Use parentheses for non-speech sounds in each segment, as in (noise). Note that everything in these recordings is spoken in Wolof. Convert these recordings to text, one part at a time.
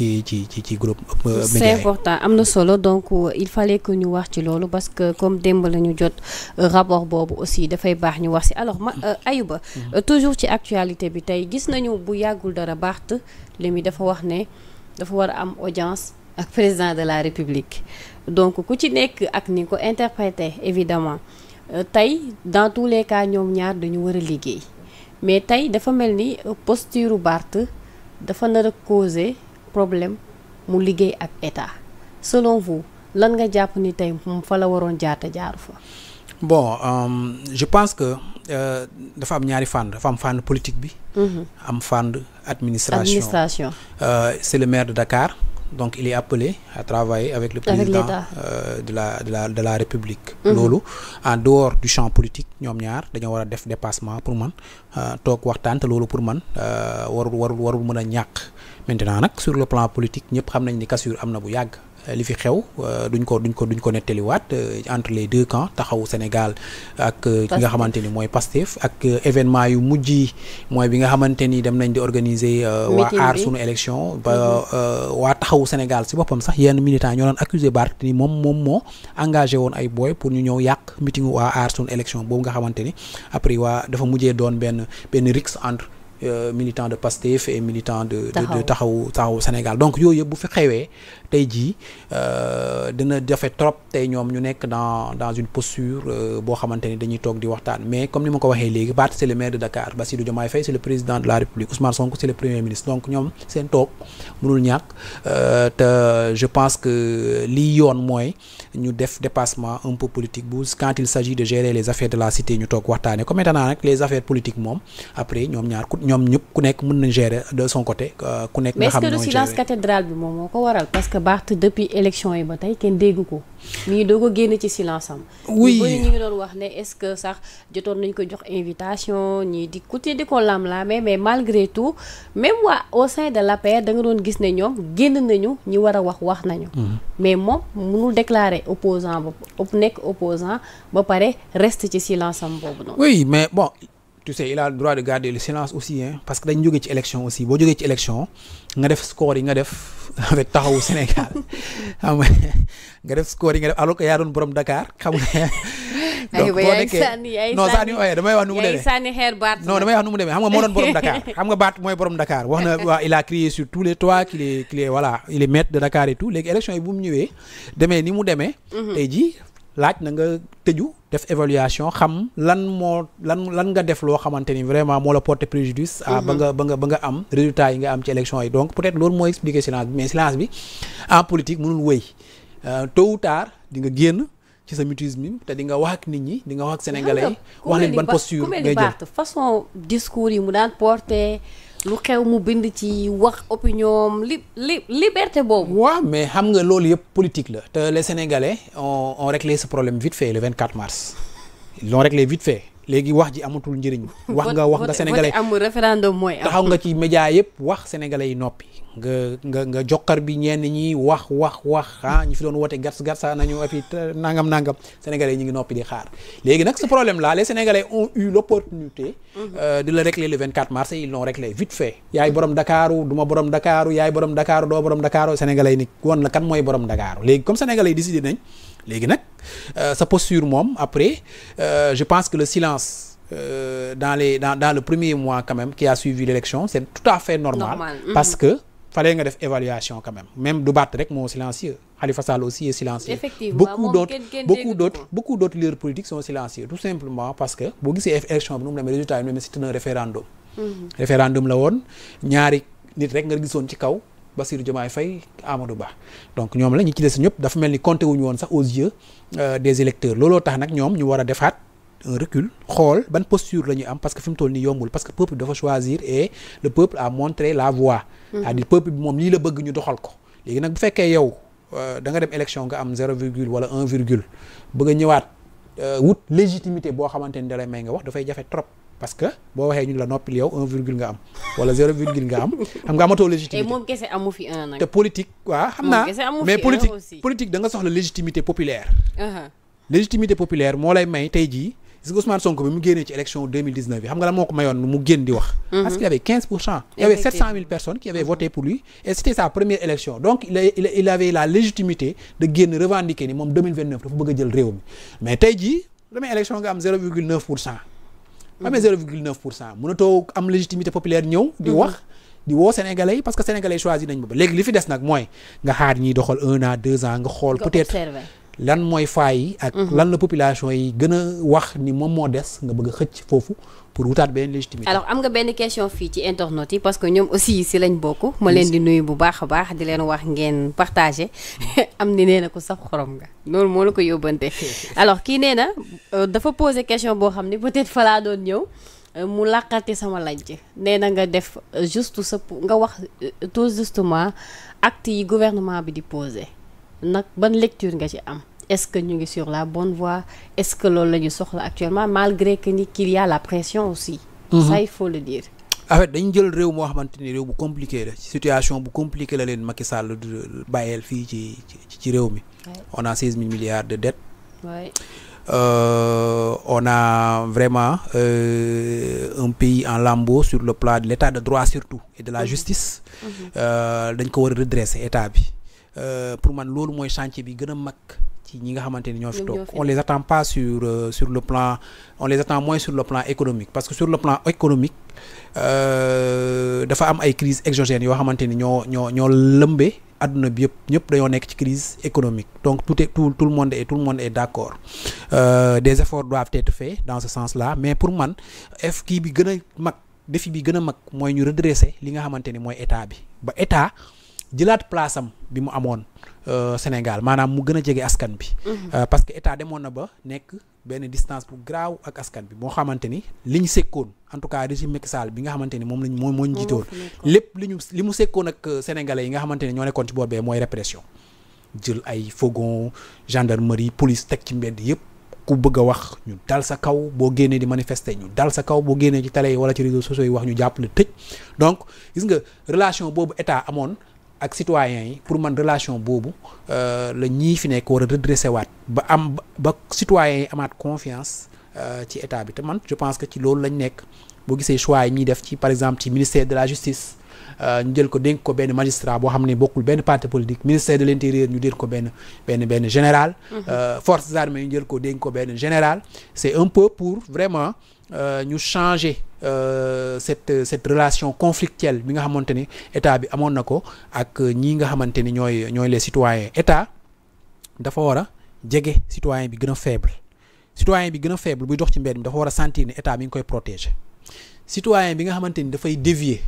liggéeyee ci ci ci euh, important am na solo donc euh, il fale que ñu wax ci loolu parce que comme démb la ñu jot euh, rapport boobu aussi dafay baax ñu wax si alors ma Ayouba mhm. toujours ci actualité bi tey gis nañu bu yàggul dara Barth li mi dafa wax ne dafa war a am audience ak président de la République donc ku ci nekk ak ni ko interprété évidemment tey dans les cas ñoom ñaar dañu war a liggéey mais tey dafa mel ni posture Barth dafa nar a problème mu liggéey ak état selon vous lan nga jàpp ni tey fa la waroon jaata jaaru fa. bon euh, je pense que euh, dafa am ñaari fànn dafa am fànn politique bi. Mhm. am fànn administration euh, c'est le maire de Dakar. donc il est appelé à travailler avec le président euh, de la de la de république mhm. loolu en dehors du champ politique ñoom ñaar dañoo war a def dépassement pour man euh, toog waxtaan te loolu pour man euh, warul warul warul mën a ñàkk maintenant nag sur le plan politique ñëpp xam nañ ni cassure am na bu yàgg li fi xew euh, duñ ko duñ ko duñ ko nettaliwaat euh, entre les deux camps taxawu Sénégal ak euh, ki nga xamante ni mooy Pastef ak événement yu mujj yi mooy bi nga xamante ni dem nañ di organiser waa aar sunu élection ba mhm. waa taxawu Sénégal si boppam sax yenn militants ñoo doon accusé Bart moom moom moo engagé woon ay booy pour ñu ñëw yàq meeting waa aar sunu boobu nga xamante ni après waa dafa mujjee doon benn benn rixe entre militants de Pastef et militant de de taxawu taxawu Sénégal donc yooyu yëpp bu fi xewee tey jii euh, dina jafe trop tey ñoom ñu nekk dans dans une posture euh, boo xamante ni dañuy toog di waxtaan mais comme ni ma ko waxee léegi Bart c'est le maire de Dakar Bassirou Diomaye Faye c'est le président de la République Ousmane Sonko c'est le premier ministre donc ñoom seen toog mënul ñàkk euh, te je pense que lii yoon mooy ñu def dépassement un peu politique bu quand il s'agit de gérer les affaires de la cité ñu toog waxtaanee comme maintenant nag les affaires politiques moom après ñoom ñaar ku ñoom ñëpp ku nekk mën na gérer de son côté ku nekk. nga xam baax te depuis élection yi ba tey kenn dégg ko mi ngi doog a génn ci silence am. oui ñu ngi doon wax ne est-ce que sax jotoon nañ ko jox invitation ñii di côté di ko lamlaamee mais malgré tout même waa au sein de l'APR da nga doon gis ne ñoom génn nañu ñi war a wax wax nañu. Mm-hmm. mais moom mënul déclarer opposant ba nekk opposant ba pare reste ci silence am boobu tu sais il a le droit de garder le silence aussi hein parce que dañ jógee ci élection aussi boo jógee ci élection nga def score yi nga def (laughs) avec taxawu Sénégal (laughs) nga def score yi nga def alors que yaa doon borom Dakar xam damay wax nu mu demee xam nga moo doon borom Dakar (laughs) xam nga baat mooy borom Dakar wax na waa il a crié sur tous les toits qu'il est qu'il est voilà de Dakar tout léegi élection yi bu mu ñëwee demee ni mu demee. Mhm. tey jii. laaj na nga tëju def évaluation xam lan moo lan lan nga def loo xamante ni vraiment moo la porter préjudice ah ba mhm. nga ba nga am résultat yi nga am ci élection yi donc peut-être loolu moo expliquer silence bi mais silence bi en politique mënul wéy euh, tôt ou tard di nga génn ci sa mutisme te di nga wax ak nit ñi di nga wax ak sénégalais yi wax leen ban posture ngay jël façon discours yi mu daan porter lu xew mu bind ci wax opinion li li liberté boobu. waaw mais xam nga loolu yëpp politique la te les sénégalais on ont sa problème vite fait le 24 mars ils l'ont réglé vite fait. léegi wax ji amatul njëriñ. bi wax nga wax nga sénégalais am référendum mooy am taxaw nga ci yëpp wax sénégalais yi noppi. nga nga nga jokkar bi ñenn ñi wax wax wax ah ñu fi doon woote gàts gàtsa nañu afi euh, nangam nangam sénégalais ñu ngi noppi di xaar léegi nag ce problème laale les sénégalais ont eu l'opportunité mhm. euh, de le régler le 24 mars et ils vite fait. yaay borom Dakaru duma borom Dakaru yaay borom Dakaru doo borom Dakaru sénégalais ni woon la kan mooy borom Dakaru léegi comme sénégalais yi nañ. léegi nag euh, sa posture moom après euh, je pense que le silence Euh, dans les dans le premier mois quand même qui a suivi l'élection c'est tout à fait normal, normal. Mmh. parce que fallait nga def évaluation quand même même du batt rek moo silencieux Khalifa Sall aussi est silencieux beaucoup d'autres beaucoup d'autres beaucoup d'autres leaders politiques sont silencieux tout simplement parce que boo gisee élection bi nu mu demee résultat yi nu mu demee c'est un référendum mm-hmm. référendum la woon ñaari nit rek nga gisoon ci kaw Bassirou Diomaye fay Amadou Ba donc ñoom la ñi ci des ñëpp dafa mel ni compté wuñu woon sax aux yeux euh, des électeurs looloo tax nag ñoom ñu war a defaat un recul xool ban posture la ñuy am parce que fi mu toll nii yombul parce que peuple dafa choisir et le peuple a montré la voie cest à peuple bi moom lii la bëgg ñu doxal ko léegi nag bu fekkee yow euh, danga nga dem élection nga am zéro virgule wala un virgule bëgg a ñëwaat euh, wut légitimité boo xamante ni da may nga wax dafay jafe trop parce que boo waxee ñu la noppil yow un virgule nga am wala zéro virgule nga am xam nga amatoo légitimité. moom te politique waaw xam naa mais politique politique nga soxla légitimité populaire. Uh-huh. légitimité populaire moo lay may tey jii gis nga Ousmane Sonko bi mu génnee ci élection 2019 xam nga lan moo ko mayoon mu génn di wax. Uh-huh. parce qu'il y avait 15 pour cent. il y avait 700 personnes qui avaient voté pour lui et c'était sa première élection donc la légitimité de génn revendiquer ni moom dafa bëgg a jël réew mi mais Mm-hmm. amee 0,9 pour cent mënatoo am légitimité populaire ñëw di mm-hmm. wax di woo sénégalais yi parce que sénégalais choisir nañ ba léegi li fi des nag mooy nga xaar ñiy doxal un an deux ans nga xool peut-être lan mooy faay yi ak mhm. lan la population yi gën a wax ni moom moo des nga bëgg a xëcc foofu pour wutaat benn légitimité alors am nga benn question fii ci internet yi parce que ñoom aussi si lañ bokk ma leen di nuyu bu baax baax di leen wax ngeen partagé (laughs) am ni nee na ko sax xorom nga loolu moo la ko yóbbante (laughs) alors kii nee na euh, dafa posé question boo xam ne peut-être fa laa doon ñëw euh, mu làqati sama lajj nee na nga def euh, juste sa nga wax tout justement acte gouvernement bi di posé nag ban lecture nga ci am est-ce que ñu ngi sur la bonne voie est-ce que loolu la ñu soxla actuellement malgré que ni qu'il y a la pression aussi mm -hmm. ça il dañ jël réew moo xamante ni réew bu compliqué la situation bu compliqué la leen Macky Sall bàyyeel fii ci ci réew mi on a seize mille milliards de dettes ouais. Euh, on a vraiment euh, un pays en lambeaux sur le plan de l'état de droit surtout et de la mhm. justice mhm. Euh, dañ ko war a redresser état bi Euh, pour man loolu mooy chantier bi gën a mag ci ñi nga xamante ni ñoo fi toog on les attend pas sur euh, sur le plan on les attend moins sur le plan économique parce que sur le plan économique euh, dafa am ay crise exogènes yoo xamante ni ñoo ñoo ñoo lëmbee àdduna bi yëpp ñëpp dañoo nekk ci crise économique donc tout est tout le monde est tout le monde est d'accord des efforts doivent être faits dans ce sens-là mais pour man ef kii bi gën a mag défi bi gën a mag mooy ñu redresser li nga xamante ni mooy état bi ba jëlaat place am bi mu amoon euh, Sénégal maanaam mu gën a jege askan bi. Mhm. Euh, parce que état demoon na ba nekk benn distance bu graaw ak askan bi moo xamante ni li ñu sekkoon en tout cas régime Macky Sall bi nga xamante ni moom lañ moom moo ñu jiitoon lépp li ñu li mu sekkoon ak euh, sénégalais yi nga xamante ni ñoo nekkoon ci boor bee mooy répression jël ay fogon gendarmerie police teg ci mbedd yëpp. ku bëgg a wax ñu dal sa kaw boo génnee di manifester ñu dal sa kaw boo génnee ci télé yi wala ci réseaux sociaux yi wax ñu jàpp la tëj donc gis nga relation boobu état amoon ak citoyens yi pour man relation boobu euh, la fi nekk war a redressé waat ba am ba citoyens yi amaat confiance euh, ci état bi te man je pense que ci loolu lañ nekk boo gisee choix yi ñuy def ci par exemple ci ministère de la justice euh, ñu jël ko dénk ko benn magistrat boo xam ne bokkul benn parti politique ministère de l'intérieur ñu dénk ko benn benn benn général. Mhm. forces armées ñu jël ko dénk ko benn général. c'est un peu pour vraiment. Euh, ñu changer euh, cette cette relation conflictuelle bi nga xamante ni état bi amoon na ko ak ñii nga xamante ni ñooy ñooy les citoyens état dafa war a jege citoyen bi gën a faible citoyen bi gën a faible buy dox ci mbedd mi dafa war a sentir état mi ngi koy protéger citoyen bi nga xamante ni dafay dévier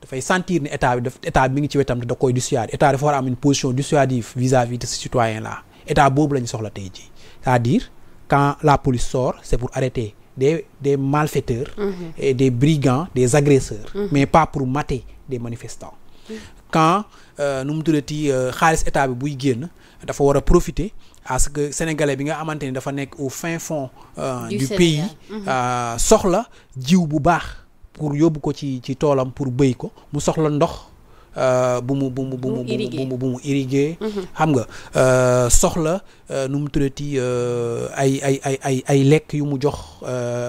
dafay sentir ne état bi daf état mi ngi ci wetam da koy dissuader état dafa war a am une position dissuasive vis-à-vis de citoyen là état boobu lañu soxla tey ci c'est-à-dire quand la police sort c'est pour arrêter de des malfaiteurs mm-hmm. et des brigands des agresseurs mm-hmm. mais pas pour mater des manifestants mm-hmm. quand euh, nu mu ti euh, xaalis état bi buy génn dafa war a profiter à que sénégalais bi nga xamante ni dafa nekk au fin fond euh, du pays soxla jiw bu baax pour yóbbu ko ci ci toolam pour béy ko mu soxla ndox Euh, bu mu bu mu bu mu bu mu bu mu irrigué mhm. xam nga euh, soxla euh, nu mu tuddati ay ay ay ay ay lekk yu mu jox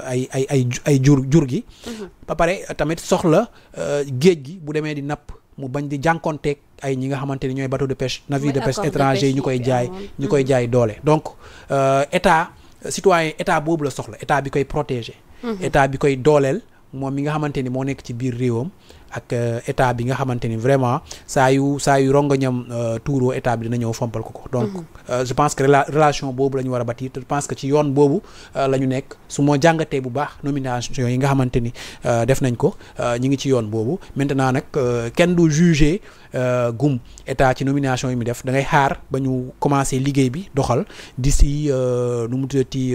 ay ay ay ay jur jur gi mhm. ba pare tamit soxla géej gi bu demee di napp mu bañ di jànkonteeg ay ñi nga xamante ni ñooy bateau de pêche navire de pêche étranger yi ñu koy jaay ñu koy mhm. jaay doole donc état citoyen état boobu la soxla état bi koy protéger état bi koy dooleel moom mi nga xamante ni moo nekk ci biir réewam ak euh, état bi nga xamante ni vraiment saa yu saa yu rongoñam euh, tuuroo état bi dina ñëw fompal ko ko. donc mhm. euh, je pense que relation boobu la ñu war a bâtir je pense que ci yoon boobu la ñu nekk su ma jàngatee bu baax nomination yi nga xamante ni def nañ ko ñi ngi ci yoon boobu maintenant nag kenn du juger gum état ci nomination yi mu def da ngay xaar ba ñu commencer liggéey bi doxal di d'ici nu mu tuddati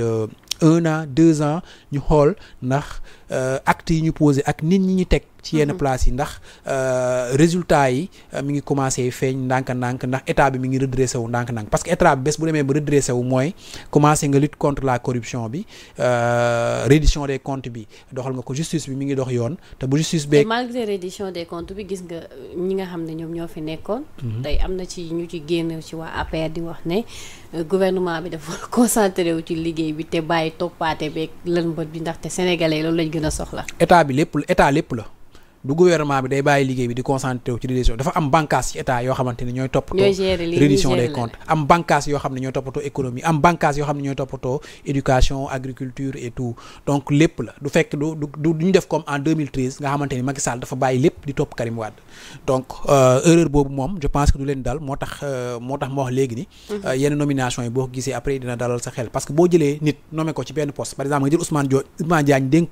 un an deux ans ñu xool ndax euh, act yi ñu posé ak nit ñi ñu teg ci yenn mhm. place yi ndax euh, résultat yi euh, mu ngi commencé feeñ ndànk-ndànk ndax état bi mi ngi redressé wu ndànk-ndànk parce que état bi bés bu demee ba redressé wu mooy commencé nga lutte contre la corruption bi euh, reddition des comptes bi doxal nga ko justice bi mi ngi dox yoon te bu justice bee malgré reddition des comptes bi gis nga ñi nga xam ne ñoom ñoo fi nekkoon mhm. tey am na ci ñu ci génn ci waa APR di wax ne gouvernement bi dafa (laughs) concentré wu ci liggéey bi te bàyyi toppaate beeg lën bët bi ndaxte sénégalais loolu lañ gën a soxla état bi lépp état lépp la du gouvernement bi day bàyyi liggéey bi di concentré wu ci reddition dafa am bànqaas ci état yoo xamante ne ñooy toppatoo reddition des comptes am bànqaas yoo xam ne ñooy toppatoo économie am bànqaas yoo xam ne ñooy toppatoo éducation agriculture la du fekk du ñu def comme en 2013 nga xamante ni Macky Sall dafa bàyyi lépp di topp Karim Wade donc euh, erreur boobu moom je pense que du leen dal moo tax euh, moo tax ma wax léegi ni mhm. euh, yenn nomination yi boo ko gisee après dina dalal sa xel parce que boo jëlee nit nommé ko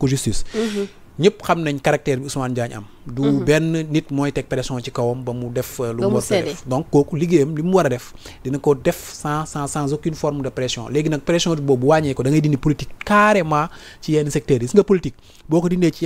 ci ñëpp xam nañ caractère bi Ousmane Diagne am. du mhm. benn nit mooy teg pression ci kawam ba mu def. Euh, lu mu war donc kooku liggéeyam li mu war a def dina ko def sans sans sans aucune forme de pression léegi nag pression boobu wàññee ko da ngay dindi politique carrément ci yenn secteurs yi gis nga politique boo ko dindee ci.